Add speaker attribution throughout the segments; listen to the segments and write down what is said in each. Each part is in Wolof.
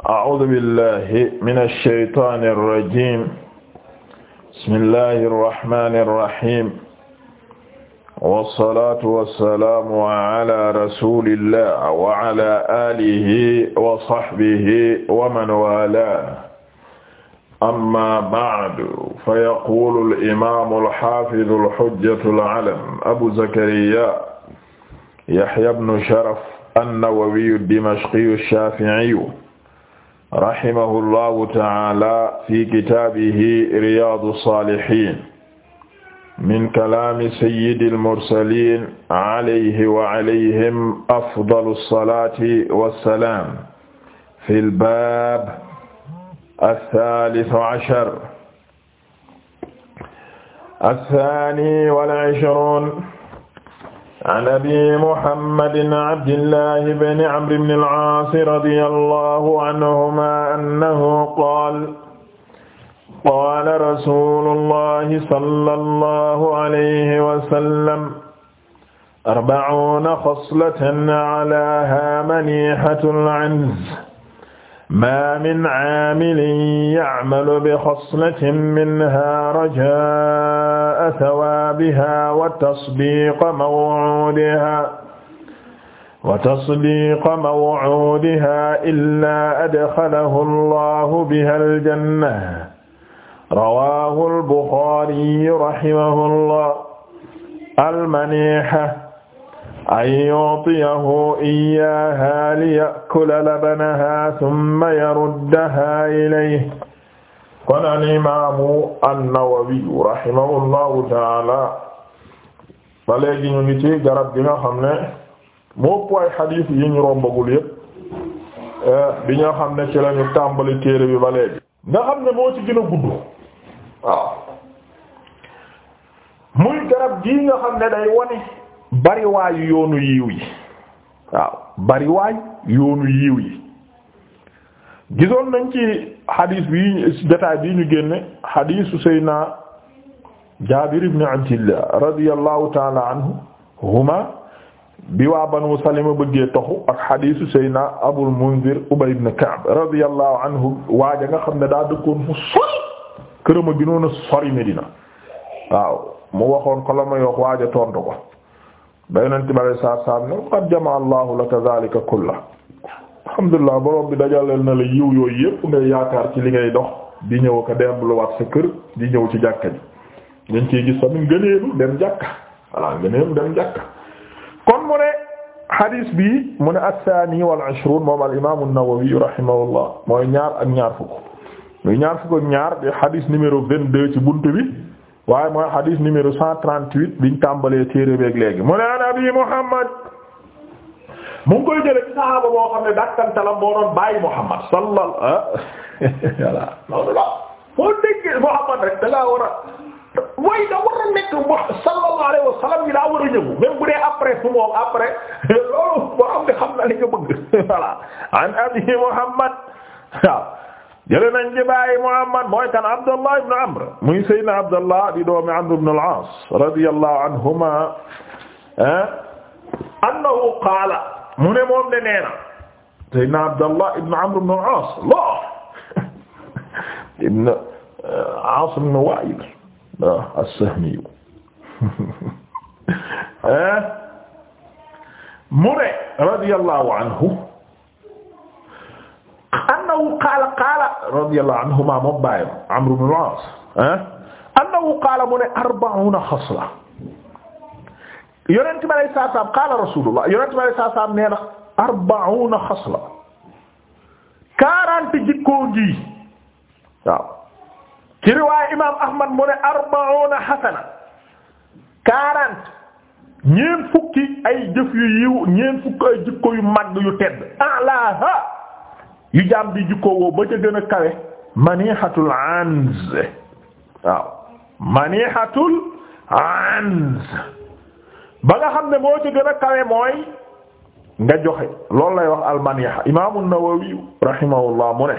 Speaker 1: a'uuzu billahi mina shaytaani rajiim bismillahi rahmaani rahiim wasalaatu wasalaamu ala rasulillah wa ala alihi wa sahbihi wa man waalaahu amma ba'du fa yaquulu al-imaamu al-haafidu al-hujjatu al-alam abu zakariya yahya ibnu sharaf an-nawawiyu ad-dimashqiyu ash-shaafi'iyu rahimahullahu ta'ala fi kitaabihi riyaadu saalihiin min kalaami sayyidil mursaliin alayhi wa alayhim afdalu salaati wa salaam fil baab as-saalis ashar as-saani wal ishruun an abi muhammadin abdillahi bni amri bni al-aas radiyallahu anhuma annahu qaala qaala rasuulullahi sallallahu alayhi wa sallam arba'uuna xaslatan alaahaa maniihatul 'anz ma min aamilin ya'malu bi xoslatin minha rajaa sawaabiha wa tasdiiqa maw'uudiha wa tasdiiqa maw'uudiha illaa adxalahu allahu biha aljanna rawaahu albuxaari rahimahullah almaniiha an yu'tiyahu iyyaha liya'kula labanaha thumma yaruddaha ilayhi kon al imaamu an-Nawawi rahimahullahu taala ngi ci garab gi nga xam ne moo puwaay xadiis yi ñu rombagul yépp eh, bi nga xam ne ci lañu tàmbali téere bi ba nga xam ne moo ci gën a muy garab gi nga xam ne day wone bariwaayu yoonu yiw yi waaw bariwaay yoonu yiw yi gisoon nañ ci xadiis bi détail bi ñu génne xadiisu Seydina Jaabir ibn Abdillah radiyallahu taala anhu huma bi waa Banu Salima bëggee toxu ak xadiisu Seydina Abul Munzir Ubay ibn Ka'b radiyallahu anhu waaja nga xam ne daa dëkkoon fu sori këram a ginoon a sori Medina waaw mu waxoon ko la may wax waaja tontu ko ba yonent bi alayhi salaatu salaam ne qad jamaa Allahu laka zaalika kullah dajaleel na la yiw yooyu yëpp ngay yaakaar ci li ngay dox di ñëw ko delluwaat sa kër di ñëw ci jàkka ji dañ ciy gis tamit ngëneelu dem jàkka voilà ngëneelu dem jàkka kon mu ne bi mu ne as-saani wal ishruun moom al imaam an-Nawawi rahimahullah mooy ñaar ak ñaar fukk muy ñaar fukk ak ñaar di hadis numéro 22 ci bunt bi. waaye mooy hadith numéro 138 biñ tàmbalee téere beeg léegi mu ne an abi Muhammad mu ngi koy jële ci sahaaba boo xam ne dakkantalam boo doon bàyyi Muhammad sallal ah voilà loolu la a way da war a nekk mu sallallahu alayhi a ñëw après su moom après loolu boo ne xam na li bëgg voilà an abi Muhammad jële nañ ci bàyyi Muhammad mooy kan Abdullah ibn Amr muy Seydina Abdullah di doomi Amr ibn al-As radiyallahu anhuma ah, annahu qaala mu ne moom de neena Seydina Abdullah ibn Amr ibn al-As la ibn eh, As ibn Wa'il as-Sahmi eh, mu ne radiyallahu anhu annahu qaala qaala radiyallahu anhuma moom bàyyam Amr ibn al-As ah annahu qaala mu ne arba'una xasla yonent bi alayhi salaam qaala rasulullah yonent bi alayhi salaam nee na arba'una xasla quarante jikkoo ngi waaw ci riwaaya imaam Ahmad mu ne arba'una xasana quarante ñeent fukki ay jëf yu yiw ñeent fukki ay jikko yu mag yu tedd alaaha yu bi jikkoowoo ba ca gën a kawe manihatul anz waaw manihatul anz ba nga xam ne moo ca gën a kawe mooy nga joxe loolu lay wax almaniha imaamu Nawawi rahimahullah mu ne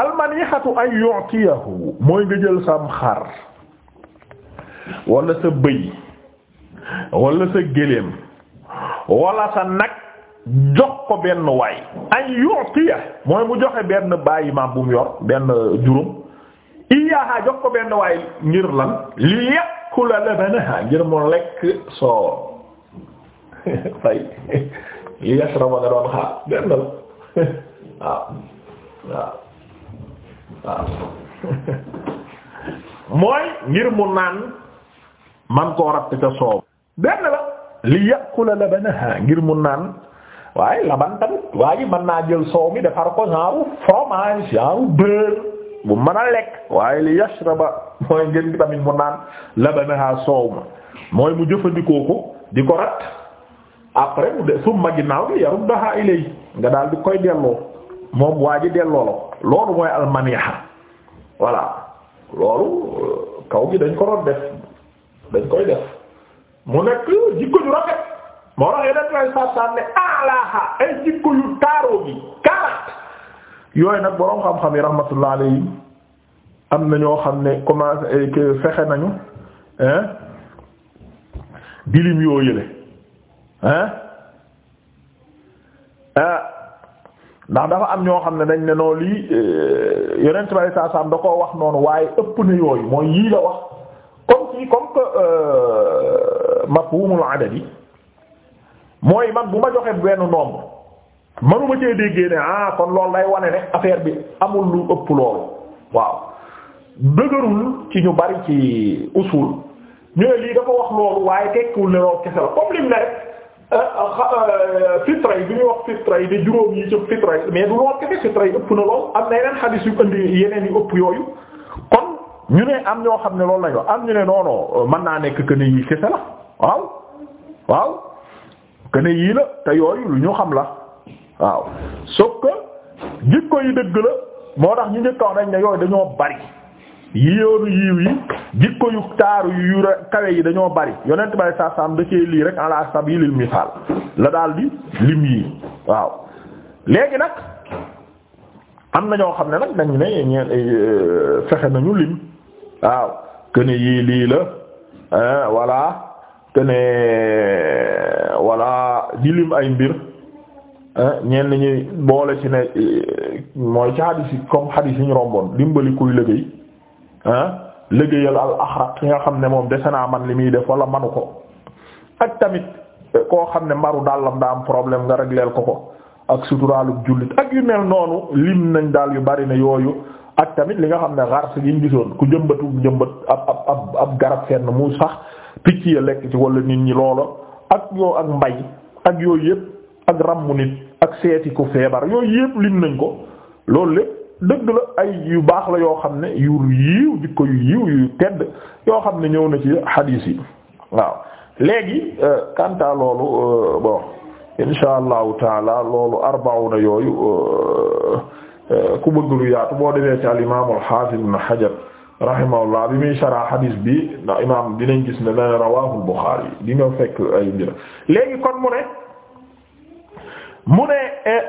Speaker 1: almanihatu an yu'tiyahu mooy nga jël sam xar wala sa bëy wala sa géléem wala sa nag jox ko benn waay an yu'tiya mooy mu joxe benn bàyyi maam bu mu yor benn juróom iyaaha jox ko benn waay ngir lan li yakula labanaha ngir mu lekk soo benn la waaw waaw waaw mooy ngir mu naan man koo ratt ca soow benn la li yakula labanaha ngir mu naan waaye laban tamit waa ji naa jël soow mi defar ko genre fromage genre beurre bu mën a lekk waaye li yashraba mooy ngeen gi mu naan labanaha soow ma mooy mu jëfandikoo ko di ko rat après mu de summa ginnaaw gi yarut daha ilay nga daal di koy delloo moom waa delloo la loolu mooy almaniha voilà loolu euh, kaw gi dañ ko doon def dañ koy def mu nekk jikko ju moo tax yeneen lay sàttaan ne alaaha ay jikko yu taaroo gi yooyu nag boroom xam-xam yi rahmatullah alayhi am na ñoo xam ne commencé eh, fexe nañu hein dilim yoo yële hein ah, ndax dafa am ñoo xam ne dañ ne noo lii eh, yeneen tubaab yi saa saam da koo wax noonu waaye ëpp na yooyu mooy yii la wax comme si comme que euh, mafhumul adadi mooy man bu ma joxe benn nombre manuma cee déggee ne ah kon loolu day wane ne affaire bi amul lu ëpp loolu waaw dëgërul ci ñu bari ci usul ñu ne lii dafa wax loolu waaye tekkiwul ne loolu kese euh, euh, fitra yi bi wax fitra yi de juróom yi ci fitra yi mais du loolu kese fitra yi ëpp na lool am na yeneen xadis yu indi yeneen yu ëpp yooyu kon ñu ne am ñoo xam ne loolu lañu am ñu ne non non mën naa nekk que ne kese la waaw waaw. kene yii la te yooyu lu ñu xam la waaw sauf que jikko yi dëgg la moo tax ñu njëkkaw dañ ne yooyu dañoo bari yi yoonu yiw yi jikko yu taaru yu yu kawe yi dañoo bari yonent bay saa saam da cee lii rek ala sabilil misaal la daal di lim yii waaw léegi nag am na ñoo xam ne nag dañu ne eh, fexe nañu lim waaw kene yii lii la voilà te ne walla di lim ay mbir ñenn ñi boole ci ne mooy ci hadis yi comme hadis yi ñu romboon dimbali kuy liggéey liggéeyal al axraq ki nga xam ne moom dese naa man li muy def wala manu ko ak tamit koo xam ne mbaru dàllam daa am problème nga régleel ko ko ak suturaalub jullit ak yu mel noonu lim nañ daal yu bari na yooyu ak tamit li nga xam ne xars gi ñu gisoon ku jëmbatu jëmbat ab ab ab ab garab fenn mu sax picc ya lekk ci wala nit ñi loola ak yoo ak mbay ak yooyu yëpp ak ràmmu nit ak seeti ku feebar yooyu yëpp lim nañ ko loolu lépp dëgg la ay yu baax la yoo xam ne yu yiiw jikko yu yiiw yu tedd yoo xam ne ñëw na ci xadiis yi waaw léegi euh, kanta loolu euh, bon insha allahu taala loolu arbauna yooyu euh, ku bëgg lu yaatu boo demee ci al imaam al xaafis rahimahullah bi muy sharah hadis bi ndax imaam dinañ gis ne dana rawaahul Buxaari di nga fekk ay mbir léegi kon mu ne mu ne eh,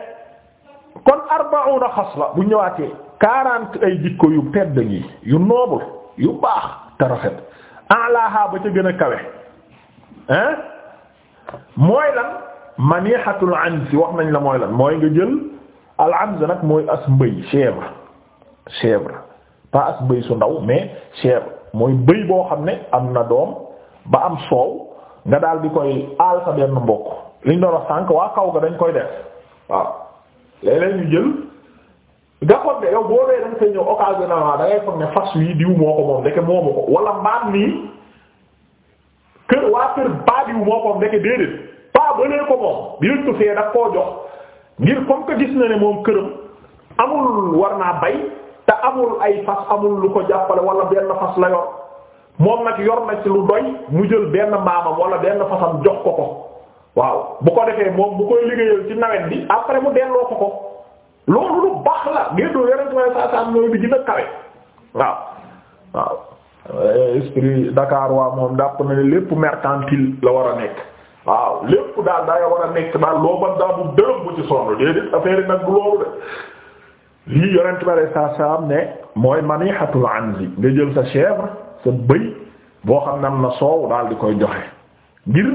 Speaker 1: kon arba'una xasla bu ñëwaatee quarante ay jikko yu tedd ngi yu noble yu baax te rafet a'laha ba ca gën a kawe hein mooy lan manihatul ansi wax nañ la mooy lan mooy nga jël al ans nag mooy as mbëy chèvre pas ak bëy su ndaw mais cher mooy bëy boo xam ne am na doom ba am soow nga daal di koy aal sa benn mbokk liñ doon wax sànq waa kaw ga dañ koy def waaw léeg-léeg jël nga xool de yow boo dee dañ koy ñëw occasionnellement da ngay ne fas yi diw moo ko moom ndeke moomu ko wala mbaam nii kër waa kër baa diw moo ko moom déedéet pas balee ko moom directeur fee daf koo jox ngir comme que gis na ne moom këram amul war naa bay te amul ay fas amul lu ko jàppale wala benn fas la yor moom nag yor na ci lu doy mu jël benn maamam wala benn fasam jox ko ko waaw bu ko defee moom bu koy liggéeyal ci nawet bi après mu delloo ko ko loolu lu baax la géndoo yarentuway saasaam ñooyu bi gën a kawe waaw waaw esprit Dakar waa moom dàpp na ne lépp mercantile la war a nekk waaw lépp daal daa war a nekk daal loo mën loolu de lii yonent bare saa saa am ne mooy manihatul anzi nga jël sa chèvre sa bëy boo xam ne am na soow daal di koy joxe ngir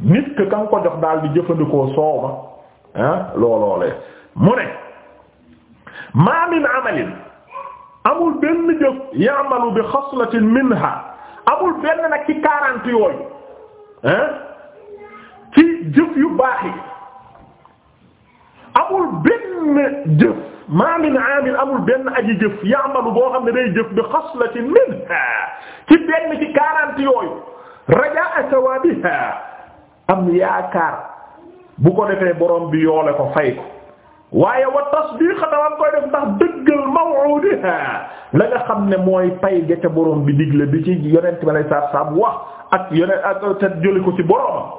Speaker 1: nit ka nga ko jox daal di jëfandikoo soow ma ah looloolee mu ne ma min amalin amul benn jëf ya'malu bi xaslatin minha amul benn nag ci quarante yooyu ah ci jëf yu baax yi amul jëf maa min aamin amul benn aji jëf ya'malu boo xam ne day jëf bi xaslatin minha ci benn ci quarante yooyu rajaa sawabiha am yaakaar bu ko defee borom bi yoole ko fay ko waaye wa tasdiq dawam koy def ndax dëggal maw'udiha la nga xam ne mooy pay ga ca borom bi digle bi ci yonent bi lay saab saab wax ak yonent ak te jëli ko ci boromam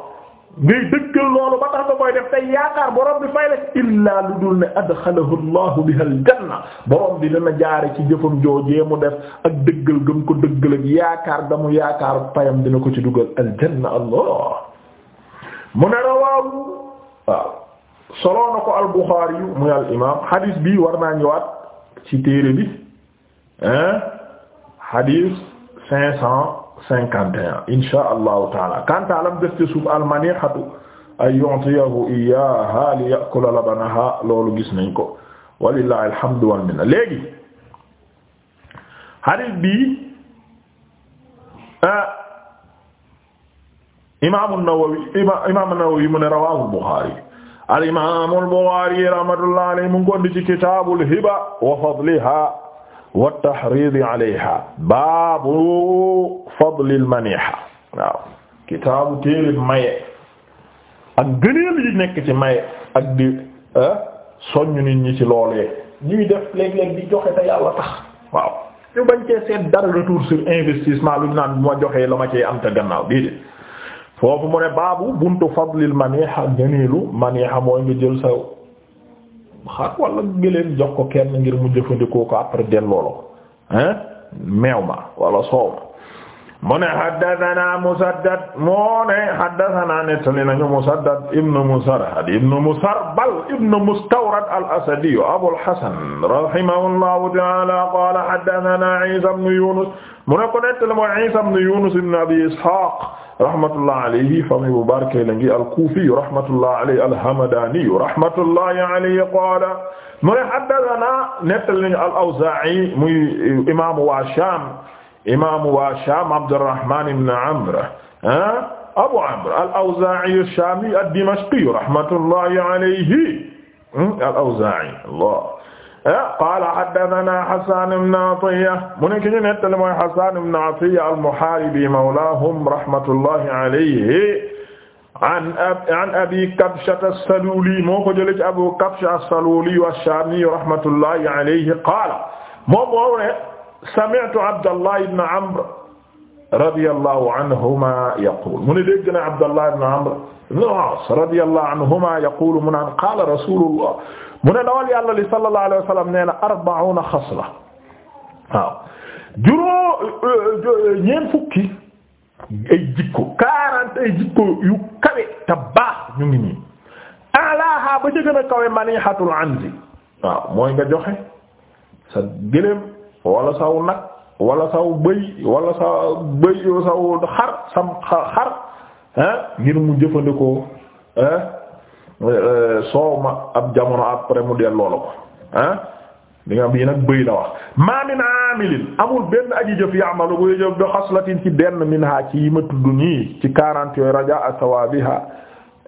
Speaker 1: ngay dëggal loolu ba tax nga koy def tey yaakaar borom bi fay la illaa lu dul ne adxalahu allahu biha aljanna borom bi dina jaare ci jëfam joojee mu def ak dëggal gëm ko dëggal ak yaakaar damu yaakaar payam dina ko ci dugal aljanna allah mu ne rawaawu waaw soloo na ko al Buxaari yu muy al imaam bi war naa ñëwaat ci téere bi hein hadis cinq cent cinquante et un insha allahu taala kanta lam def ci suuf almanihatu ay yu'tiyahu iyyaha li ya'kula labanaha loolu gis nañ ko walillahi alhamdu wal minna léegi hadith bi ah, imaamu Nawawi imaamu Nawawi mu ne rawaahu Buxaari al imaamu al Buxaari rahmatullahi alayhi mu ngi ko di ci kitaabul hiba wa fadliha wa tahridi alayha baabu fadlil maniha waaw kitaabu téerib maye ak gëneel yi nekk ci maye ak di eh, soññ nit ñi ci loolee ñuy def léeg-léeg di joxe te yàlla tax waaw ñu bañ cee seet dara retour sur investissement lu ñu naan bu ma joxee la ma cee am te gannaaw déedéet foofu mu ne baabu buntu fadlil maniha gëneelu maniha mooy nga jël sa xar wala gëléem jox ko kenn ngir mu jëfandikoo ko après delloo la hein meew ma wala soow mu ne haddathana Musaddad moo ne haddathana nettali nañu Musaddad ibn Musarhad ibn Musarbal ibn Mustawrad al-Asadi Abul Hasan rahimahullahu ta'ala qala haddathana Isa ibn Yunus mu ne ko nettali mooy Isa ibn Yunus ibn Abi Ishaq rahmatullahi alayhi fami bu barke la ngi al-Kufi rahmatullahi alayhi al-Hamadani rahmatullahi alayhi qala mu ne haddathana nettali nañu al-Awza'i muy imaamu waa Sham imaamu waa Shaam Abdurrahmaan ibn Amr ah, Abu Amr al-Awzaa'i ash-Shaami ad-Dimashqi rahmatullahi alayhi hmm, al-Awzaa'i Allah ah, qaala haddathanaa Hassan ibn Atiyya mu nekk ñu nettali mooy Hassan ibn Atiyya al-Muhaaribi mawlaahum rahmatullahi alayhi an Abi Kabsha as-Saluuli moo ko jëlee ci Abu Kabsha as-Saluuli ash-Shaami rahmatullahi alayhi qaala sami'tu Abdallah ibn Amr radiyallahu anhuma yaqul mu ne dégg na Abdallah ibn Amr ibn al-As radiyallahu anhuma yaqul mu naan qaala rasulullah mu ne dawal yàlla li sallallahu alayhi wa sallam nee na arba'una xasla waaw juróom ñeent fukki ay jikko quarante ay jikko yu kawe te baax ñu ngi nii alaaha ba ca gën a kawe manihatul anzi waaw mooy nga joxe sa gëléem wala saw nag wala saw bëy wala sa bëy saw xar sam xar ngir mu jëfandikoo euh, soow ma ab jamono après mu delloo la ko ah di bii nag bëy la wax ma min amilin amul benn aji jëf yaamalu buy jëf bi xaslatin ci benn min ci yi ma tudd nii ci quarante yooyu raja a sawabiha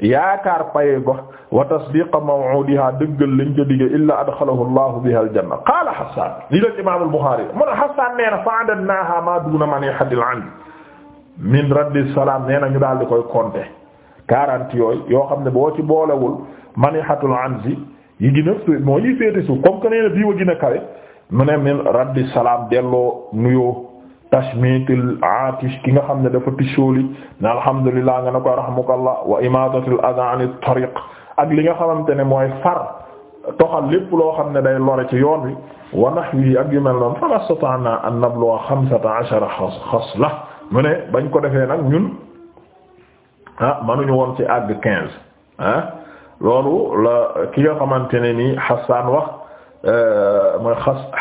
Speaker 1: yaakaar paye go wa tasdiqa maw'udiha dëggal lañ ko dige illa adxalahu allah biha aljanna qaala Hassan li la imam al-Bukhari mu ne Hassan nee na fa'adnaha ma duna manihatil and min raddi salam nee na ñu daal di koy compter quarante yooyu yoo xam ne boo ci boolewul manihatul anzi yi gën a moo yi féete suuf comme que nee na bii wa gën a kawe mu ne min raddi salam delloo nuyoo tashmitil aatish ki nga xam ne dafa tisóoli ne alhamdulillah nga ne ko rahmukallah wa imatatil adha anit tariq ak li nga xamante ne mooy far toxal lépp loo xam ne day lore ci yoon wi wa nahwihi ak yu mel noonu famastataana an nabluwa xamsata ashara xasla mu ne bañ ko defee nag ñun ah manuñu woon ci àgg quinze ah loolu la ki nga xamante ne nii Hassan wax euh, mooy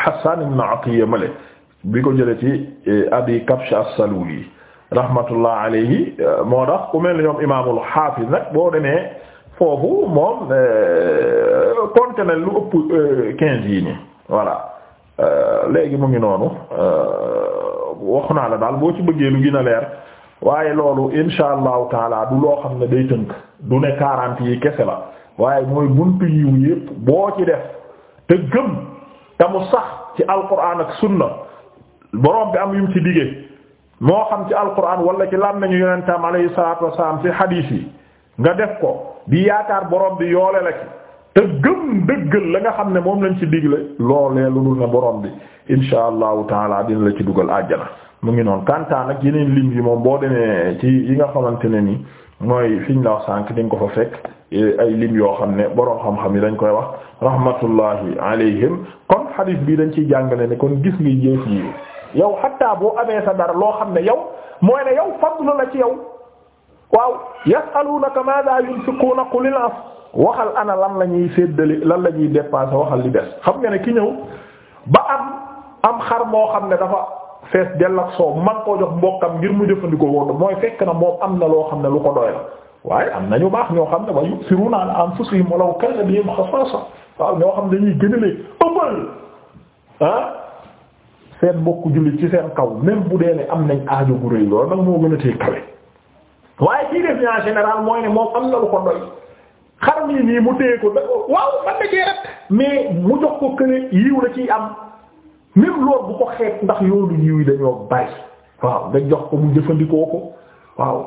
Speaker 1: Hassan ibn Atiyya male bi ko jëlee ci eh, abi Kabsh as-Saluli rahmatullah alayhi eh, moo tax ku mel ne ñoom imaamul xaafis nag boo demee foofu moom eh, compte lu ëpp quinze yi nii voilà léegi mu ngi noonu waxu naa la daal boo ci bëggee lu gën leer waaye loolu insha allahu taala du loo xam ne day tënk du ne quarante yi kese la waaye mooy buntu yiw yépp boo ci def te gëm te mu sax ci alquran ak sunna borom bi am yum ci diggee moo xam ci alquran wala ci lan nañu yonentam alayhi salaatu wasalaam ci hadith yi nga def ko bi yaakaar borom bi yoole la ci te dëggal la xam ne moom lañ ci digle loolee lu dul ne borom bi insha allahu taala dina la ci dugal àjjana mu ngi noonu kantaan ak yeneen lim yi moom boo demee ci yi nga xamante ne ni mooy fiñ la wax sànk di ko fa fekk ay lim yoo xam ne boroom xam-xam yi dañ koy wax rahmatullahi alayhim kon hadith bi dañ ciy jàngale ne kon gis nga yéef yow xatta boo amee sa dara loo xam ne yow mooy ne yow fadlu la ci yow waaw yasalunaka maada yunfiquna qulil af waxal ana lan la ñuy séddali lan la ñuy dépenser waxal li des xam nga ne ki ñëw ba am am xar moo xam ne dafa fees dell ak soow man koo jox mbokkam ngir mu jëfandikoo woon mooy fekk na moom am na loo xam ne lu ko doy la waaye am nañu baax ñoo xam ne wa yusiruna ala anfusihim walaw kana bihim xasaasa waaw ñoo xam ne dañuy gënale ëppal ah seen mbokku jullit ci seen kaw même bu dee ne am nañ aajo bu rëy lool nag moo gën a tee kawe waaye ci def en général mooy ne moom am na lu ko doy xaram yi nii mu téye ko da waaw man na rek mais mu jox ko këne yiw la ciy am même lool bu ko xeet ndax yoonu yiw yi dañoo bari waaw nga jox ko mu jëfandikoo ko waaw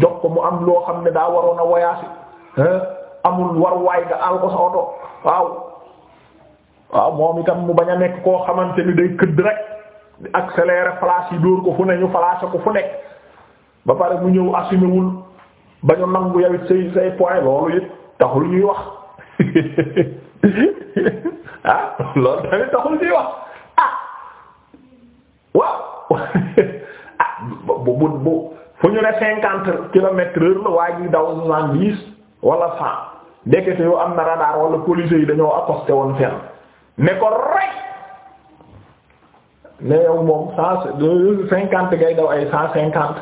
Speaker 1: jox ko mu am loo xam ne daa waroon a voyage amul war waay nga aal ko sa oto waaw waaw moom itam mu bañ a nekk koo xamante ni day këdd rek di accélérer yi dóor ko fu ne ñu flashe ko fu nekk ba pare mu ñëw assumé wul ba ñu nangu yow it say say point loolu it taxul ñuy wax ah loolu tamit taxul ñuy wax ah, ah bu bu bu fu ñu ne cinquante kilomètres la waa ji daw soixante-dix wala cent ndekete yoo am na radar wala police yi dañoo accosté woon fenn. ne ko rek ne yow moom cinquante ngay daw ay cent cinquante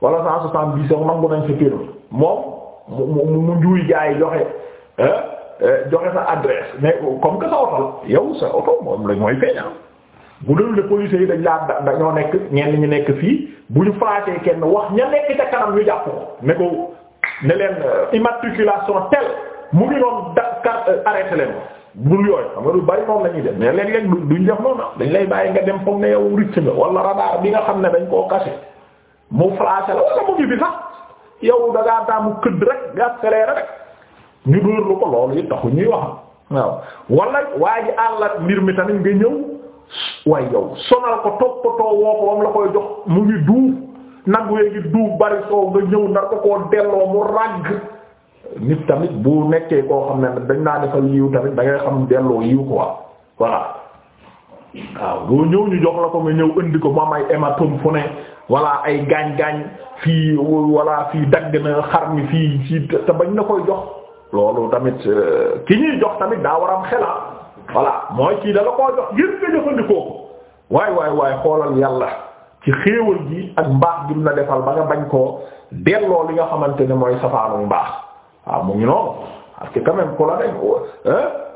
Speaker 1: wala cent soixante dix yow nangu nañ sa permis moom mu mu njuuy jaay joxe euh, joxe sa adresse mais comme que sa oto la sa oto moom lañ mooy bu dul de yi dañ laa da dañoo nekk ñenn ñu nekk fii bu ñu flaatee kenn wax ña nekk ca kanam ñu jàpp ko ne leen euh, immatriculation telle mu ngi doon da- euh, arrêté leen ko bul yooyu xam nga lu bari noonu la ñuy def mais léeg-léeg duñ def noonu ah dañ lay bàyyi nga dem foog ne yow ricc nga wala radar bi nga xam ne dañ koo kase mu flashé la wala mu ngi fi sax yow da daamu këdd rek nga accéléré rek ñu dóor lu ko loolu it taxu ñuy wax waaw wala waa ji mbir mi tamit nga ñëw waaye yow sonal ko toppatoo woo ko moom la koy jox mu ngi duuf nag wee ngi duuf bari soo nga ñëw nar ko koo delloo mu ràgg. nit tamit bu nekkee koo xam ne dañ naa defal yiw tamit da ngay xam delloo yiw quoi voilà waaw loo ñëw ñu jox la ko nga ñëw indi ko mu am ay hématome fu ne walla ay gaañ-gaañ fii walla fii dagg na xar mi fii ci te bañ na koy jox loolu tamit euh, ki ñuy jox tamit daa war am xelaa ah. walla mooy kii da la koo jox ngir nga jëfandikoo ko waay waay waay xoolal yàlla ci xéewal gi ak mbaax gi mu la defal ba nga bañ koo delloo li nga xamante ne mooy safaanu mbaax a ah, mu ngi noonu parce que quand même ku la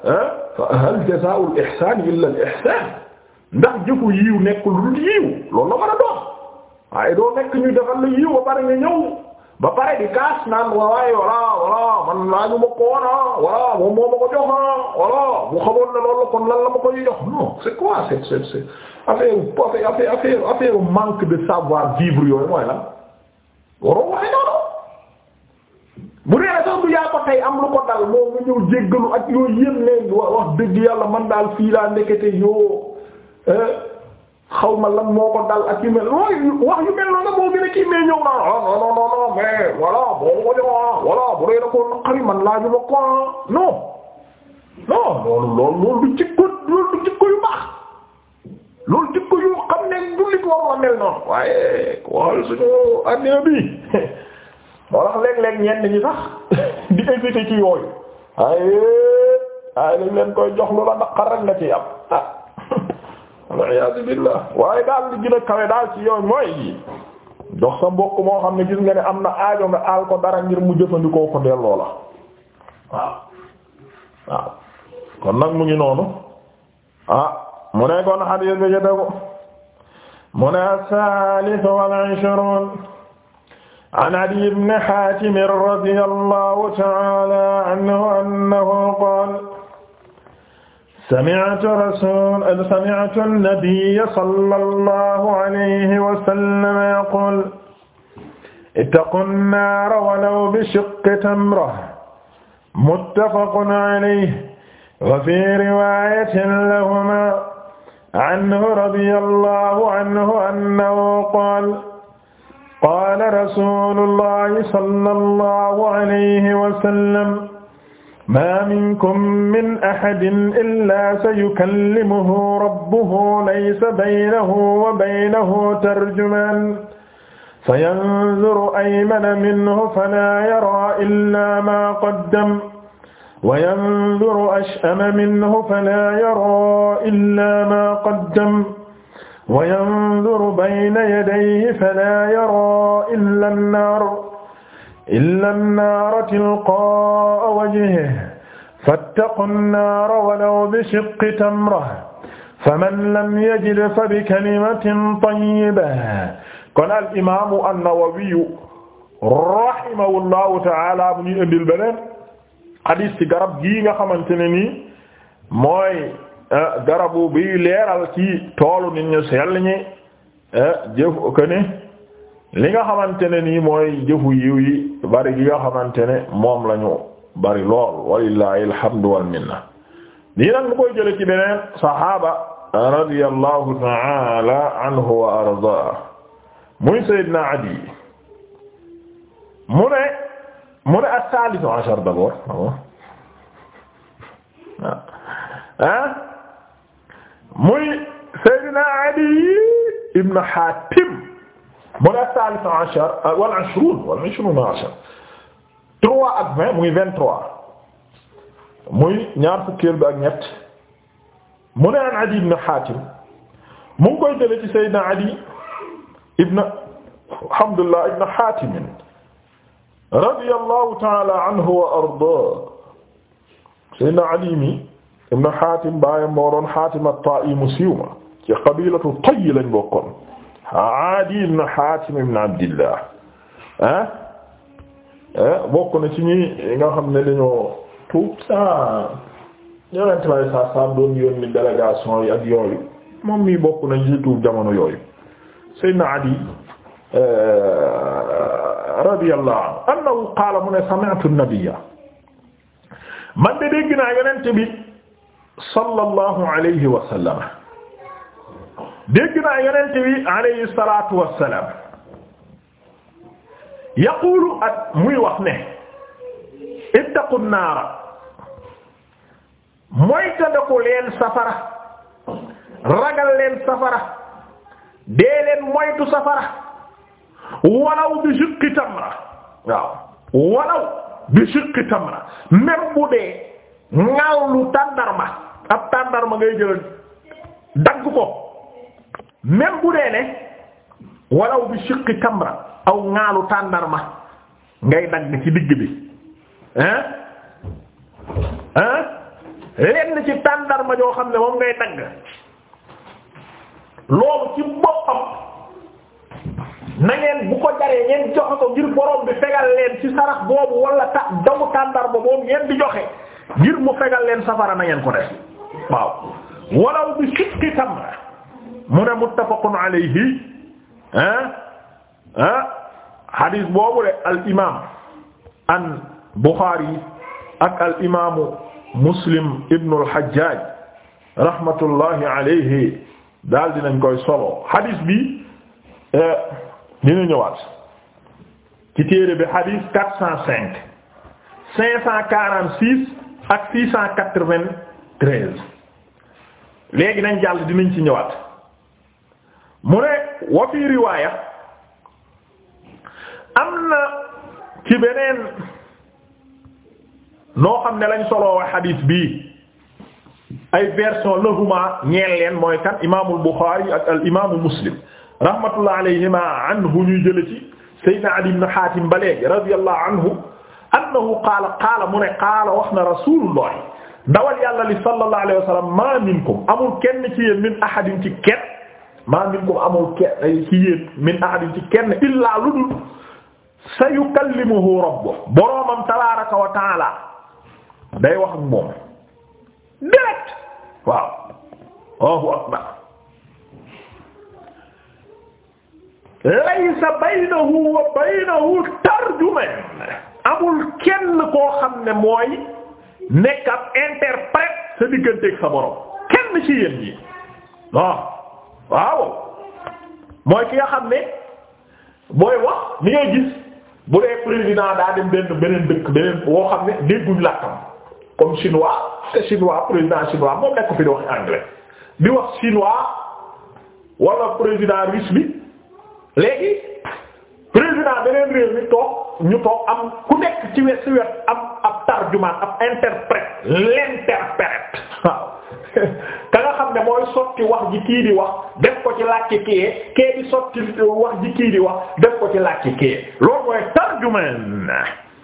Speaker 1: ne hal jazaa'u al-ihsaan illa al ndax jëfu yiw nekk lu dul yiw loolu la war a doon waaye doo nekk ñu defal la yiw ba pare nga ñëw ba pare di kaas naan waaye walla walla man laa ñu ma ko woon walla ah, moom moo ma ko jox walla ah, bu xamoon ne loolu kon lan la ma a jox non c'est quoi c'est c'est c'est affaire affaire affaire affaire manque de savoir vivre yooyu mooy la waroo waxee bu dee sax du yaa ko am lu ko dal moom nga ñëw jéggalu ak yooyu yëpp léegi wax dëgg yàlla man daal fii laa nekkete yoo eh, xaw ma lan moo ko dal ak yu loolu wax yu mel noonu loolu du jikko loolu du jikko yu baax loolu jikko yu xam ne du nit war a mel noonu waaye xool suñu année bi. moo tax léeg-léeg ñenn ñi sax di hésité ci yooyu ay ay dañ leen koy jox lu la naqar rek nga ci am ah aliyasu billah waaye daal li gën kawe daal ci yooyu mooy yi sa mbokk moo xam ne gis nga ne am na aajo nga aal ko dara ngir mu jëfandikoo ko delloo la waaw waaw kon nag mu ngi noonu ah mu ne kon xadiis bi ci tegu mu ne as-saalis wal ishrun an Adiyy ibn Haatim radiyallahu ta'ala anhu annahu qaala sami'tu rasuula sami'tu an-nabiyya sallallahu alayhi wa sallam yaqul ittaqu an-naara walaw bi-shiqqi tamra muttafaqun alayhi wa fii riwaayatin lahumaa anhu radiyallahu anhu annahu qaala qaala rasuulullahi sallallahu alayhi wa sallam maa minkum min ahadin illaa sayukallimuhu rabbuhu laysa baynahu wa baynahu tarjumaan fayanzuru aymana minhu falaa yaraa illaa maa qaddam wa yanzuru ash'ama minhu falaa yaraa illaa maa qaddam wa yanzuru bayna yadayhi falaa yaraa illaa an-naar illaa an-naara tilqaa'a wajhihi fattaquu an-naara walaw bishiqqi tamra faman lam yajid fabikalimatin tayyibatin kon al-imaamu an-Nawawiyu rahimahullahu ta'aala mu ñuy indil beneen hadiis ci garab gii nga xamante ne nii mooy Eh, garabu bi leeral ci toolu nit ñu sell ñi eh, jëf li nga xamante ne nii mooy jëfu yiw yi bari gi nga xamante ne moom lañu ñu bari lool walillahi alhamdu wal minna nii nag mu koy jële ci beneen saxaaba radiyallahu ta'ala anhu wa ardaa muy sayyidina Adi mu ne mu ne as-salisu ashar d'abord ah, ah. muy Seydina Adi ibn Hatim mun a thalith ashar euh, wal ashrun wal ashrun ashar trois ak vingt muy vingt-trois muy ñaar fukkeel bi ak ñett mu ne an Adi ibn Hatim mu ngi koy jële ci Seydina Adi ibn Hamdullah ibn Hatim radiyallahu ta'ala anhu wa arda Seydina Adi mi ibn Hatim baayam moo doon Hatim at-Ta'i mu siiw ma ci qabilatu Tayy lañ bokkoon Adi ibn Hatim ibn Abdillah ah eh? bokk na ci ñi nga xam ne dañoo tuub saa yonent bay saa saam doon yónni délégation yi ak yooyu moom mii bokk na ci tuub jamono yooyu Sayyidina Adi eh, radiyallahu anhu annahu qaala mu ne sami'tu an-nabiyya man de dégg naa yonent bi sallallahu alayhi wa sallam dégg naa yonent bi alayhi salaatu wa salaam yaqulu ak muy wax ne ittaqu naara moytandiku leen safara ragal leen safara dee leen moytu safara walaw bi shiqqi tamra waaw walaw bi shiqqi tamra même bu dee ngaaw lu tàndarma ab tàndarma ngay jël dagg ko même bu dee ne walaw bi shiqqi tamra aw ŋaalu tàndarma ngay dagg ci digg bi hein
Speaker 2: hein lenn
Speaker 1: ci tàndarma joo xam ne moom ngay dagg loolu ci boppam na bu ko jaree ngeen joxe ko ngir borom bi fegal leen ci sarax boobu wala ta damu tàndarma moom ngeen di joxe ngir mu fegal leen safara nangeen ko def waaw walaw bi siqi tamra mu ne muttafaqun alayhi ah ah hadis boobu de al imaam an Bukhari ak al imaamu Muslim ibn al Hajjaj rahmatullahi alayhi daal dinañ koy solo hadis bi euh, dina ñëwaat ci téere bi hadis quatre cent cinq cinq cent quarante six ak six cent quatre-vingts treize léegi nañ jàll dinañ ci ñëwaat mu ne wa fi riwaaya am na ci beneen xam ne lañ solo wa xadiis bii ay version lahuma ñeel leen mooy kan imaamul Buxaari ak al imaamu Muslim rahmatullah alayhima anhu ñuy jële ci sayyidina Adi ibn Hatim ba léegi radiyallahu anhu annahu qaala qaala mu ne qaala wax na rasulullah dawal yàlla li sallallahu alayhi wa sallam ma minkum amul kenn ci yéen min ahadin ci kenn ma minkum amul kenn ci yéen min ahadin ci kenn illaa lu dul sa yukallimuhu rabbuhu boroomam tabaaraka wa taala day wax ak moom direct waaw Allahu akbar laysa baynahu wa baynahu tarjumaan amul kenn koo xam ne mooy nekk ab interprète sa digganteeg sa borom kenn ci yéen ñi waaw ah, waaw mooy ki nga xam ne booy wax ni ngay gis bu dee président daa dem beneen dëkk beneen woo xam ne dégguñ làkkam comme chinois te chinois président chinois moom nekk fi di wax anglais di wax chinois wala président russe bi léegi président beneen réew mi toog ñu toog am ku nekk ci wet ci wet am. ab tarjumaan ab interprète l'interprète waaw ka nga xam ne mooy sotti wax ji kii di wax def ko ci làkki kii kii di sotti wax ji kii di wax def ko ci làkki kii loolu mooy tarjumaan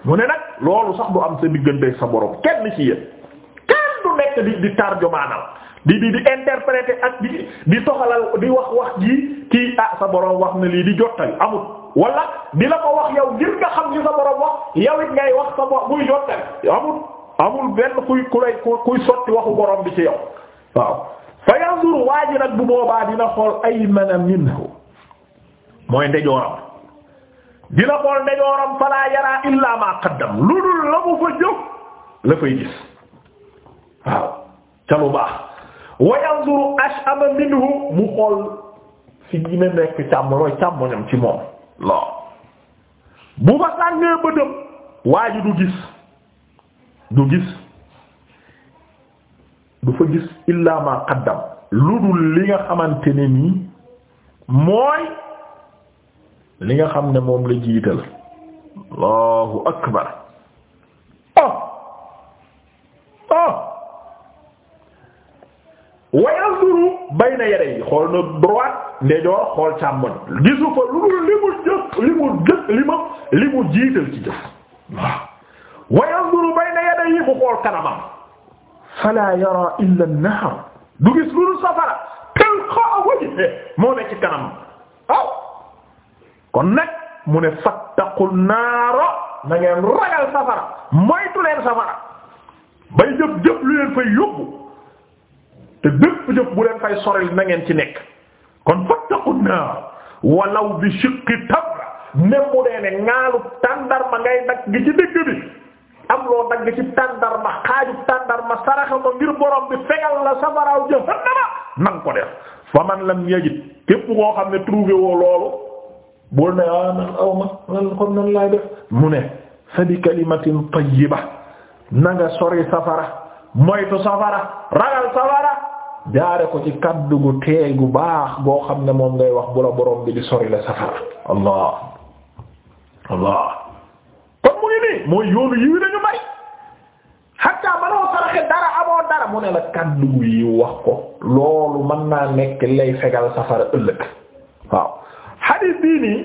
Speaker 1: mu ne nag loolu sax du am sa diggante sa borom kenn ci yéen kenn du nekk di di tarjumaanal di di di interpréter ak di di soxalal di wax wax ji kii ah sa borom wax na lii di jottali amut wala di la ko wax yow ngir nga xam li sa borom wax yow ngay wax sa borom muy jottali amut amul benn kuy bi ci yow waaw fa yanzuru waa ji nag bu boobaa dina xool aymana minhu mooy ndejooram dina xool ndejooram fala yara illa ma qaddam lu dul la mu fa jóg la fay gis waaw ca lu baax wa yanzuru ash'aba minhu mu xool fi gina nekk càmmooy càmmoñam ci moom loo bu fa sàngee bëtam waa ji du gis du gis du fa gis illa ma qaddam lu dul li nga xamante ne nii mooy li nga xam ne moom la jiital allahu akbar oh oh wayanzuru bayna yadayhi xool na droite ndeyjoor xool càmmoñ gisu fa lu dul li mu jëf li mu jëf li ma li mu jiital ci jëf waaw wayanzuru bayna yadayhi du gis lu moo ne ci kanam aw kon nag mu ne fattaqu naara na ngeen ragal safara moytu safara bay jëf jëf lu leen fay yóbbu te bépp jëf bu leen fay soril na ngeen ci nekk kon fattaqu naar walaw bi shiqqi tamra même mu dee ne ŋaalu tàndarma ngay dagg gi ci dëgg bi am loo dagg ci tàndarma xaaju tàndarma saraxa ko ngir borom bi fegal la safaraaw jahannama nang ko def fa man lam yajid képp koo xam ne trouvé woo loolu bul ne ah man aw ma kon nan laay def mu ne fa bi kalimatin tayyiba na nga sori safara moytu safara ragal safara jaare ko ci kaddu gu teey gu baax goo xam ne moom ngay wax bu la borom bi di sori la safar allah allah kon mu ngi nii mooy yoonu yiw dañu bari hatta manoo saraxe dara amoo dara mu ne la kaddu gu yiw wax ko loolu mën naa nekk lay fegal safara ëllëg waaw hadith bii nii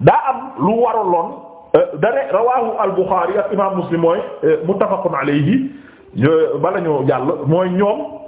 Speaker 1: daa am lu waraloon euh, dane rawahu al Bukhari ak imam Muslim mooy euh, muttafaqun alayhi euh, bala ñu jàll mooy ñoom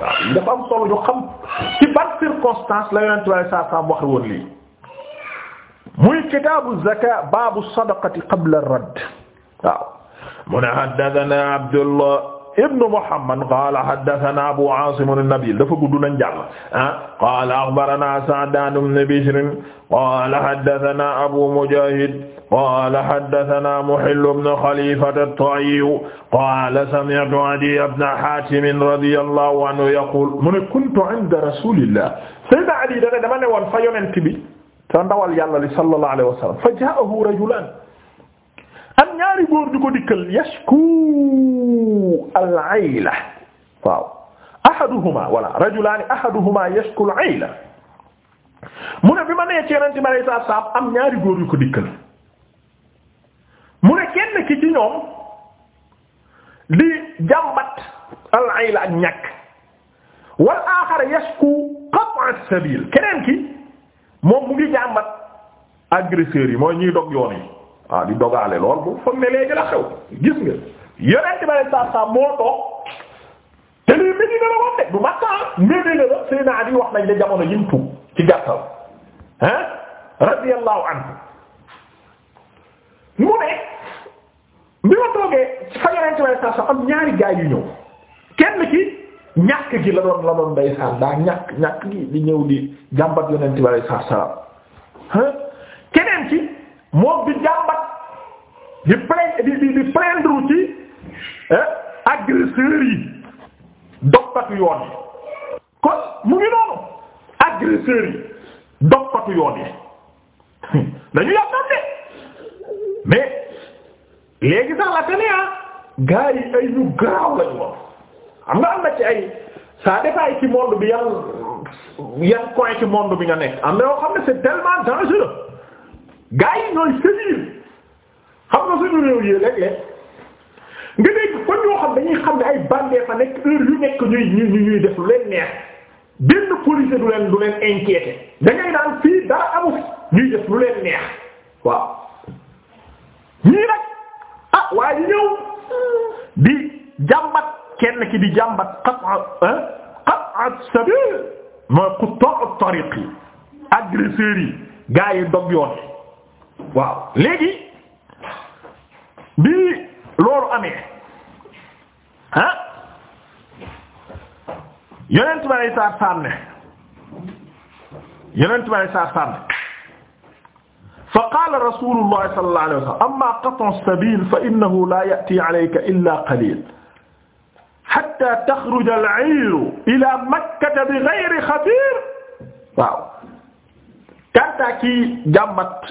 Speaker 1: waaw dafa am solo ñu xam ci ban circonstance la yonent bi saa saa wax woon lii muy kitaabu zaka baabu sadaqati qabla radd waaw mu ne haddathana Abdullah ibn Muhammad qaala haddathana Abu Aasim an-Nabil dafa gudd nañ jàll ah qaala akhbarana Sa'daan ibn Bishr qaala haddathana Abu Mujaahid qaala haddathana Muhill ibn Khalifa at-Ta'i qaala sami'tu Adiy ibn Haatim radiyallahu anhu yaqul mu ne kuntu 'inda rasulillah sayyidina Ali dama ne woon fa yonent bi te ndawal yàlla li sallallahu alayhi wa sallam fa jaa'ahu rajulaan ñaari góor ju ko dikkal yashku al-ayla waaw ahaduhuma wala rajulaani ahaduhuma yashku al-ayla mu ne bi ma nee ci yonent bi alayhi salaatu salaam am ñaari góor yu ko dikkal mu ne kenn ki ci ñoom di jàmbat al-ayla ak ñàkk wal aaxar yashku qat'a as-sabil keneen ki moom mu ngi jàmbat agresseurs yi mooy ñuy dog yoon yi waaw ah, di dogaale lool bu foog ne léegi la xew gis nga yonent bi alayhi salaatu salaam moo toog te lii Medina la woon de du Makka Medina la Seydina wax nañ la jamono yi mu tuub ci gàttal ah mu ne bi ma toogee fa yonent bi alayhi salaatu salaam am ñaari gaa yu ñëw kenn ki ñàkk gi la doon la doon day saal daa ñàkk ñàkk gi di ñëw di jàmbat yonent bi alayhi salaatu salaam moom di jàmbat di plaindre di di plaindre ci eh, agresseurs yi dokkatu yoon yi kon mu ngi noonu agresseurs yi dokkatu yoon yi dañu yàptoon de mais léegi sax la tene ah gars ay ñu garaaw lañu woon xam nga am na ci ay ça dépend ci monde bi yan yan coin ci monde bi nga nekk am na yoo xam ne c'est tellement dangereux gaa yi ñooy saisir xam nga suñu réew yi léeg-léeg nga dégg kon ñoo xam dañuy xam ne ay bandee fa nekk heure yu nekk ñuy ñuy ñuy def lu leen neex benn policier du leen du leen inquiété da ngay naan fii dara amu fi ñuy def lu leen neex waaw ñii nag ah waaye ñu ñëw di jàmbat kenn ki di jàmbat qat'a qat'a sabil mooy qutta tariqi agresseurs yi gaa yi dog yoon waaw léegi bi loolu amee ah yonent ba lay saar sànne yonent ba lay saar sànne fa qaala rasuulullahi sallallahu alayhi wa sallam amma qat'u sabiil fa innahu laa ya'tii alayka illaa qaliil hatta taxruja al-'ayru ilaa makkata bighayri xatiir waaw kanta ki jàmbat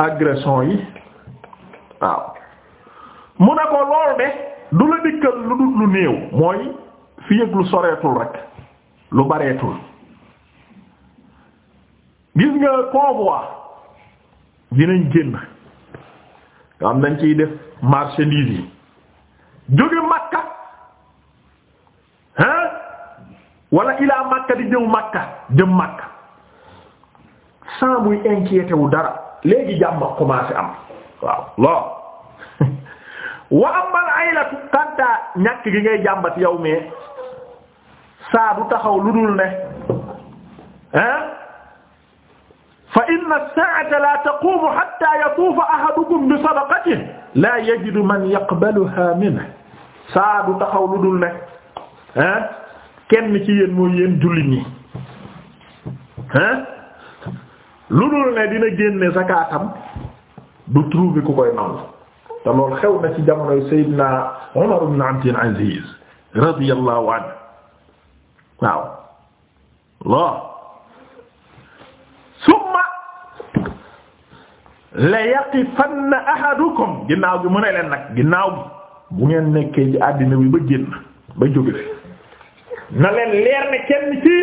Speaker 1: agression yi waaw mu ne ko lool de du la dikkal lu dul lu néew mooy fi yëg lu soreetul rek lu bareetul gis nga convoi dinañ génn nga am nañ ciy def marchandise yi jóge Makka hein wala ilaa Makka di jëm Makka jëm Makka sans muy inquiété wu dara léegi jàmm commencé am waaw lool wa amal aylatu kantaa ñàkk gi ngay jàmbat yow mais saa du taxaw lu dul ne ah fa inna as-sa'ata la taqumu hatta yatufa ahadukum bi sadaqatihi la yajidu man yaqbaluha minhu saa du taxaw lu dul ne ah kenn ci yéen mooy yéen jullit ñi ah lu dul ne dina génne zakaatam du trouver ku koy nangu te loolu xew na ci jamonoy Seydina Umar ibn Abdul Aziz radiyallahu anhu waaw loo summa la yaqifanna ahadukum ginnaaw gi mu ne leen nag ginnaaw gi bu ngeen nekkee ci àddina bi ba génn na leen leer ne kenn ci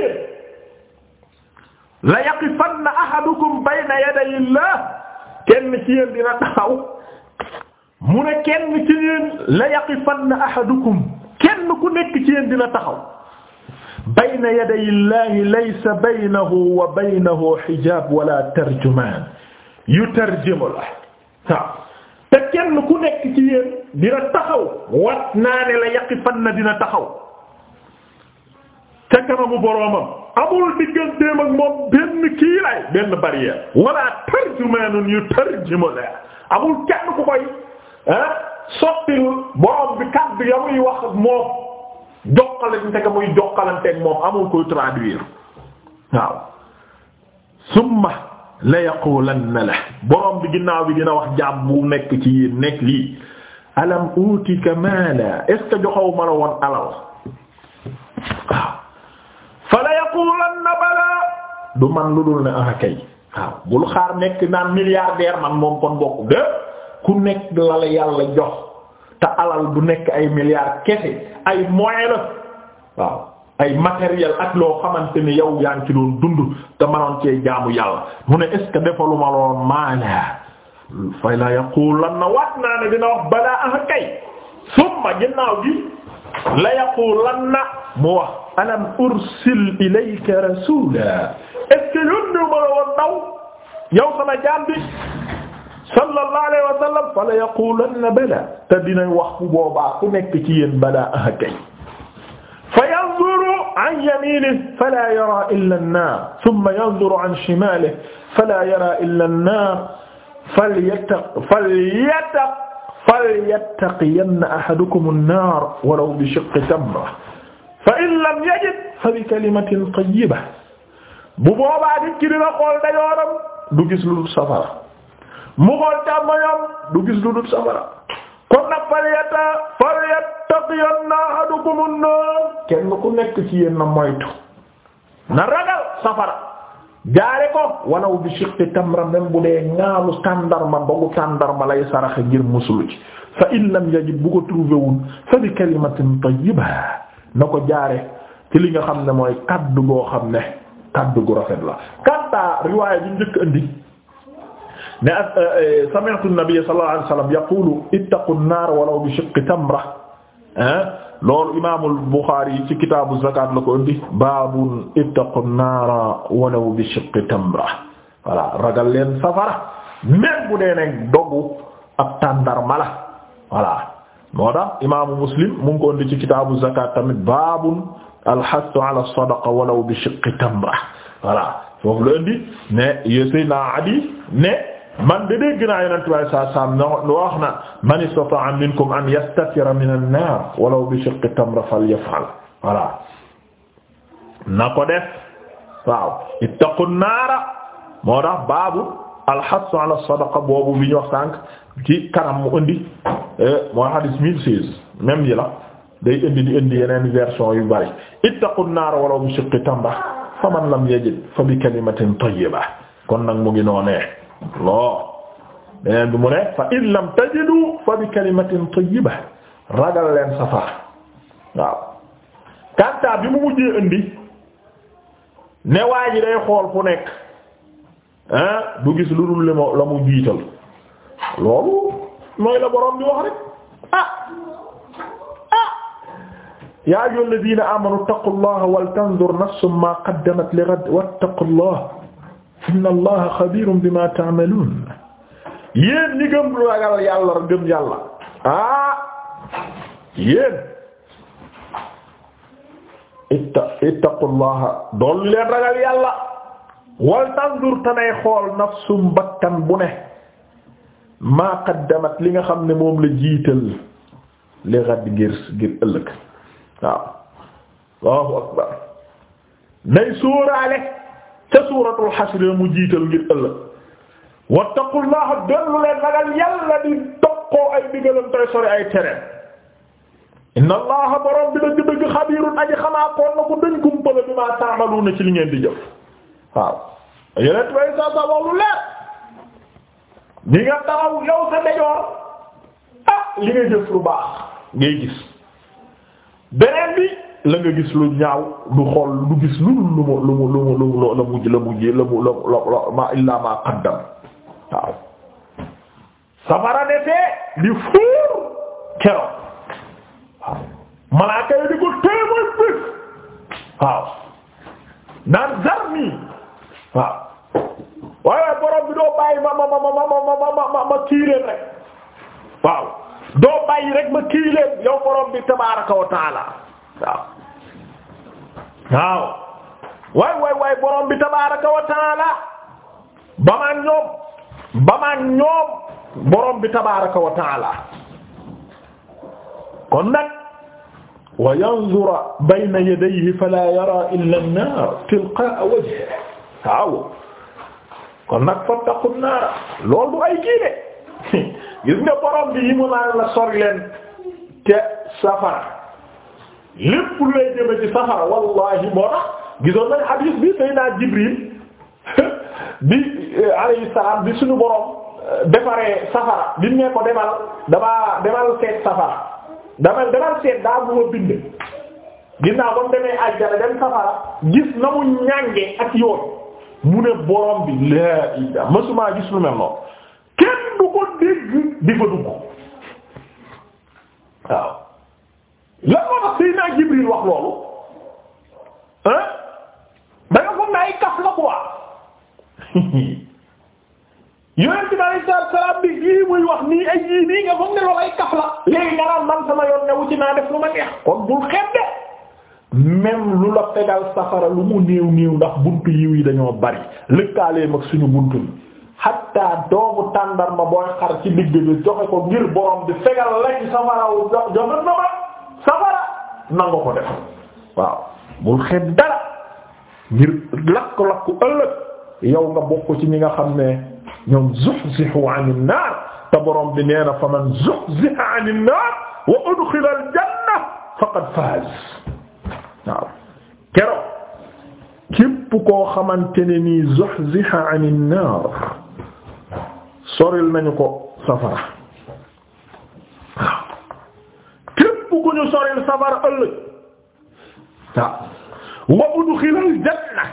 Speaker 1: la yaqifanna ahadukum bayna yadayillah kenn ci yéen dina taxaw mu ne kenn ci yéen la yaqifanna ahadukum kenn ku nekk ci yéen dina taxaw bayna yadayillahi laysa baynahu wa baynahu hijab wala tarjuman yutarjimu la waaw te kenn ku nekk ci yéen dina taxaw wat naa ne la yaqifanna dina taxaw ca kanamu boroomam amul digganteem ak moom benn kiiraay benn barrière wala tarjumaanun yu tarjumu la amul kenn ku koy ah sottil boroom bi kaddu ya muy wax ak moom jokkalante ka muy jokkalanteeg moom amul koy traduire waaw summa la yaqulanna la boroom bi ginnaaw bi dina wax jaam bu nekk ci yéen nekk lii alam utika mala est ce que joxaw ma la woon alal waaw yaqulanna balaa du man lu dul ne ah kay waaw bul xaar nekk naan milliardaire man moom kon bokk de ku nekk la la yàlla jox te alal du nekk ay milliards kese ay moyens waaw ay matériel ak loo xamante ni yow yaa ci doon dund te manoon cee jaamu yàlla mu ne est defaluma loon maana fay la yaqulanna waat naa ne dina wax balaa ah kay summa ginnaaw gi la yaqulanna mu wax alam ursil ilayka rasula est-ce que yónni ma la woon ndaw yow sama jaam bi sallallahu alayhi wa sallam fa la yaqulanna bala te dinañ wax bu boobaa ku nekk ci yéen bala ah kay fa yanzuru an yaminihi fala yara illa an-nar thumma yanzuru an shimalihi fala yara illa an-nar falyattaq falyattaq falyattaqiyanna ahadukum an-nar walaw bi shiqqi tamra fa in lam yajid fa bi kalimatin tayyiba bu boobaa nit ki dina xool dajooram du gis lu dul safara mu xool càmmoñam du gis lu dul safara kon nag falyata falyattaqiyanna ahadukum an-nar kenn ku nekk ci yéen moytu na ragal safara jaare ko walaw bi shiqqi tamra même bu dee ñaalu tàndarma dogu tàndarma lay saraxe ngir musulu ci fa in lam yajid bu ko trouvé fa bi kalimatin tayyiba na ko jaare ci li nga xam ne mooy kaddu goo xam ne kaddu gu rafet la kàttaa riwaaya bi njëkk indi ne ak sami'tu an-nabiy sallallahu alayhi wasallam yaqulu ittaqu an-nar walaw bi shiqqi tamra loolu imaamul Buxaari ci kitaabu ko indi baabun ittaqu an-nar walaw ragal leen safara dogu ab tàndarma la moo tax imaamu muslim mu ngi ko indi ci kitaabu zakat tamit baabun alxastu ala sadaqa walaw bi shiqqi tamra voilà foofu la indi ne Seydina Adi ne man de dégg naa Yonent bi sallallahu alayhi wasallam no wax na man istata'a minkum an yastatira min an-naar walaw bi shiqqi tamra falyaf'al voilà na ko def waaw ittaqu naara moo tax baabu alxastu ala sadaqa boobu bi ñu wax sànq ci kanam mu indi eh, mooy hadis mille seize yi la day indi di indi yeneen version yu bari ittaqu naar walaw bi shiqqi tamba fa man lam yajid fa bi kalimatin tayyiba kon nag mu ngi noonee loo beneen bi mu ne fa in lam tajidu fa bi kalimatin tayyiba ragal leen safar waaw kanta bi mu mujjee indi ne waa ji day xool fu nekk ah du gis lu dul la mu jiital loolu mooy la borom bi wax rek ah ah yaa ayyuhal ladina amanu taqullaha wal tanzur nafsum ma qaddamat li ghad wattaqullaha inna allaha xabiirun bima ta'malun yéen ñi gëm ragal yàlla gëm yàlla ah yéen itta ittaqullaha dool leen ragal yàlla wal tanzur tanay xool nafsum bakkan bu ne maa qaddamat li nga xam ne moom la jiital li xadd ngir ngir ëllëg waaw Allahu akbar nay suuraale ca suuratul xasr mu jiital ngir ëllëg wattaqullaha dellu leen ragal yàlla di toqoo ay digalam tay sori ay tereen inna allaha borom bi dëgg dëgg xabiirun aji xamaa koon na ku dañ kumpala bi maa taamaluuna ci li ngeen di jëf waaw yeneen way sa sa waxlu leer di nga taxaw yow sa dejoor ah li nga jëf lu baax ngay gis beneen bi la nga gis lu ñaaw du xool du gis lu lu mu lu mu lu mu lu mu la mujj la mujj la mu la la ma illaa ma qaddam waaw safara ne fee di fuur keroog waaw malaaka yi di ko téemal bés waaw naan zarni waaw waaye borom bi doo bàyyi ma ma ma ma ma ma ma kii leen rek waaw doo bàyyi rek ma kii leen yow borom bi tabaaraka wa taala waaw waaw waay waay waay borom bi tabaaraka wa taala ba ma ñoom ba ma ñoom borom bi tabaaraka wa taala kon nag wa yanzura bayna yadayhi fala yara illa an-nar tilqaa wajhihi waaw kon nag fattaqu naara loolu du ay kii de gis nga borom bi yi mu naan la sori leen te safara lépp lu lay jëme ci safara wallahi moo tax gisoon nañ hadis bi Seydina Jibril bi eh, alayhi salaam bi suñu boroom eh, defaree safara bi ne ko demal damaa demal seet safara damal demal seet daa bu ma bind ginnaaw ba demee àjjana dem safara gis na mu ñànge ak yoon mu ne borom bi laa ida mësuma gis kenn du ko dégg di ko dugg waaw lan moo wax loolu hein da nga foog na ay kaf la quoi yonent salaam bi yii muy wax nii ay nga foog ne loolu ay kaf la nga naan man sama yoon newu ci naa def ma neex de même lu la fegal safara lu mu néew néew ndax buntu yiw yi dañoo bari lëkkaaleem ak suñu buntu yi xatta doomu tàndarma booy xar ci digg bi joxe ko ngir borom bi fegal la ci safara wu jox joxe na ma safara nangu ko def waaw bul xet dara ngir lakk-lakk ëllëg yow nga bokk ci ñi nga xam ne ñoom zuhzihu anin naar te borom bi nee na fa man zuhziha anin naar wa udxila al janna faqad faaz waaw keroog képp koo xamante ne nii zuhziha anin nar soril nañu ko safara képp ku ñu soril safara ëllëg waaw wa udxilal janna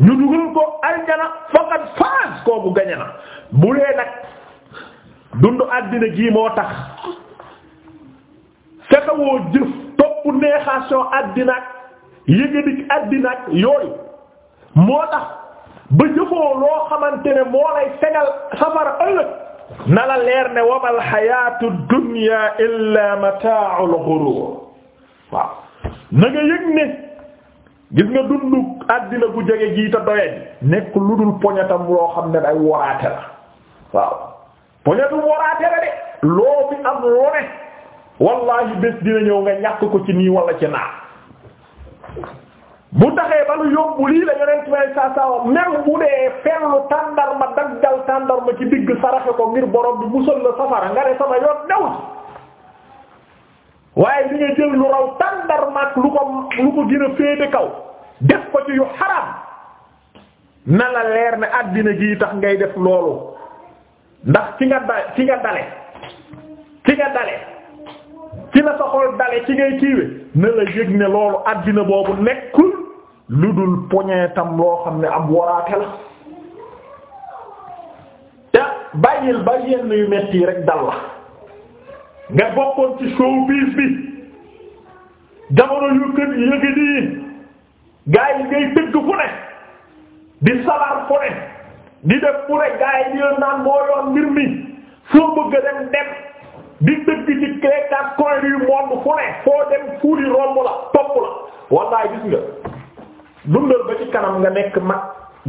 Speaker 1: ñu dugal ko aljana faqad faaz kooku gañe na bu lee nag dundu àddina gii moo tax fexe woo jëf topp neexation àddina ak yëgëdik àddina ak yooyu moo tax ba jëfoo loo xamante ne moo lay fegal safara ëllëg na la leer ne wamal xayaatu dunya illa mata'ul ghurur waaw na nga yëg ne gis nga dundu àddina gu jege jiita doyadi nekk lu dul poñatam loo xam ne day waraate la waaw poñatum waraate la de loo fi am loo wallahi bés dina ñëw nga ñàkk ko ci nii wala ci naa bu taxee ba lu yóbbu lii la yonent may saa saa même bu dee fellu tàndarma daggal tàndarma ci digg saraxe ko ngir borom bi musal la safara nga ne sama yoon new waaye li nga jël lu raw tàndarma ak lu ko lu ko gën a féete kaw def ko ci yu xaraam na la leer ne àddina gi tax ngay def loolu ndax ci nga da- ci nga dale ci nga dale fi sa xol dale ci ngay kiiwe ne la yëg ne loolu àddina boobu nekkul lu dul poñeetam loo xam ne am waraate la te bàyyil ba yenn yu metti rek dal la nga bokkoon ci showbiz bi jamono yu kën yëg nii gaa yi ngay tëgg fu ne di salaar fu ne di def fu ne gaa yi di naan moo yoon mbir mi soo bëgg dem dem di dëgg ci clé quatre coins du monde fu ne foo dem fuuri romb la topp la wallaay gis nga dundal ba ci kanam nga nekk mag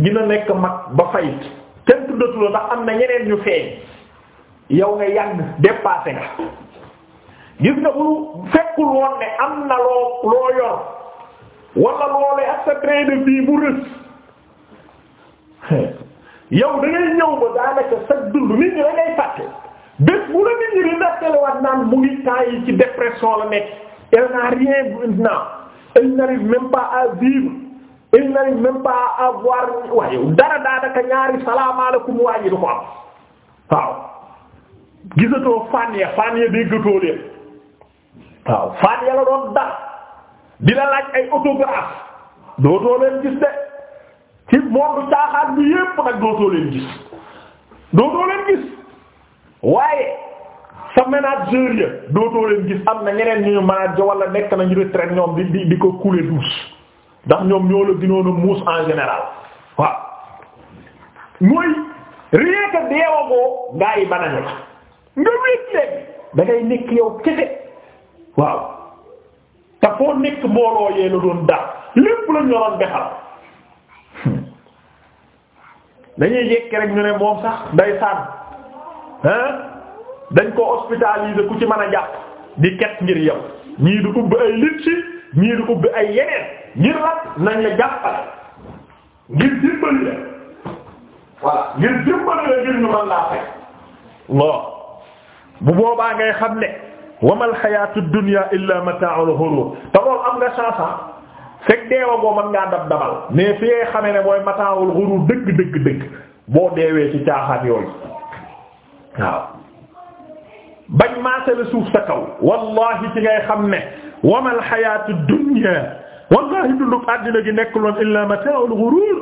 Speaker 1: dina nekk mag ba fayit kenn tuddatu la ndax am na ñeneen ñu feeñ yow nga yàgg dépassé nga gis nga bu fekkul woon ne am na loo loo yor wala loolee ak sa train de bu rës yow da ngay ñëw ba daanaka sa dund nit ñi da ngay bés bu la nit ñi di nattalewaat naan mu ngi temps yi ci dépression la nekk elle n'a rien maintenant elle n'arrive même pas à vivre elle n'arrive même pas à avoir waaye dara daanaka ñaari salaamaaleykum waa du ko am waaw gisatoo fan ya fan ya déggatoo leen waaw fan ya la doon dax di la laaj ay autographe dootoo leen gis de ci monde caaxaan bi yépp nag dootoo leen gis dootoo leen gis waaye sa manager ya dootoo leen gis am na ñeneen ñu ñu manager nekk nañu retraite ñoom di di di ko couler douce ndax ñoom ñoo la gënoon a muus en général waaw mooy rien que deewagoo gaa yi banañu la nga wéet léegi da ngay nekk yow kese waaw te foo nekk mbooloo yee la doon daal lépp la ñoroon bexal hmm. dañuy yekk rek ñu ne moom sax day sànn dañ ko hospitalisé ku ci mën a jàpp di ket ngir yow ñii di ubbi ay litsi ñii di ubbi ay yeneen ngir rat nañ la jàppale ngir dimbali la ngir ñu mën laa fay loo bu boobaa ngay xam ne wamal xayaatu dunya illa mata'ul ghurur te loolu am nga chance ah. fekk deewa boo mën ngaa dab dabal mais fi ngay xamee ne mooy mata'ul ghurur dëgg dëgg dëgg boo deewee ci caaxaan yooyu waaw bañ maasale suuf sa kaw wallahi ci ngay xam ne wamal xayaatu dunya wallahi dundub àddina gi nekk loon illa mata'ul ghurur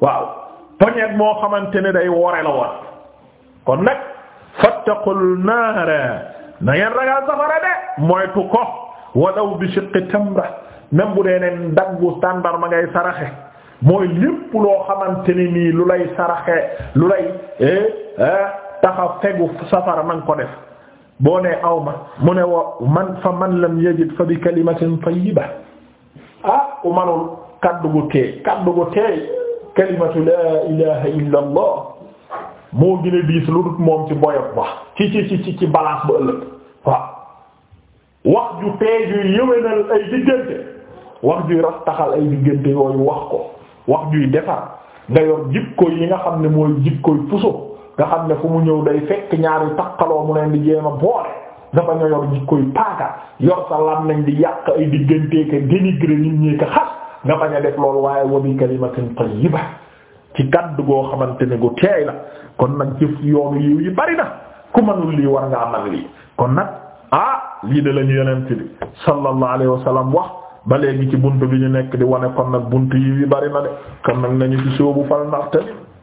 Speaker 1: waaw poñet moo xamante ne day wore la woon kon nag fattaqul naara na ngeen ragal safara de moytu ko walaw bi shiqqi tamra même bu dee ne ndaggu standard ma ngay saraxe mooy lépp loo xamante ne nii lu lay saraxe lu lay eh, eh, taxa fegu safara nanga ko def boo ne aw ma mu ne wa man fa man lam yajid fa bi kalimatin tayyiba ah ku manul kaddu teey kaddu teey kalimatu laa ilaha illa moo gën a diis lu dut moom ci boyot ba ci ci ci ci balance ba ëllëg waaw wax ju teey juy yëwénal ay diggante wax juy rax taxal ay diggante yooyu wax ko wax juy defar nga yor jikko yi nga xam ne mooy jikkoy puso nga xam ne fu mu ñëw day fekk ñaari takkaloo mu leen di jéem a boole dafa ñoo yor jikkoy paaka yor sa lam nañ di yàq ay diggante ka dénigrer nit ñi ka xas nga bañ a def loolu waaye wa bi kalimatin tayyiba ci kaddu goo xamante ne gu teey la kon nag ci yoonu yiw yi bari na ku manul lii war ngaa man lii kon nag ah lii de lañu yonent bi sallallahu alayhi wa sallam wax ba léegi ci bunt bi ñu nekk di wane kon nag bunt yiw yi bari na de kon nag nañu ci sóobu fal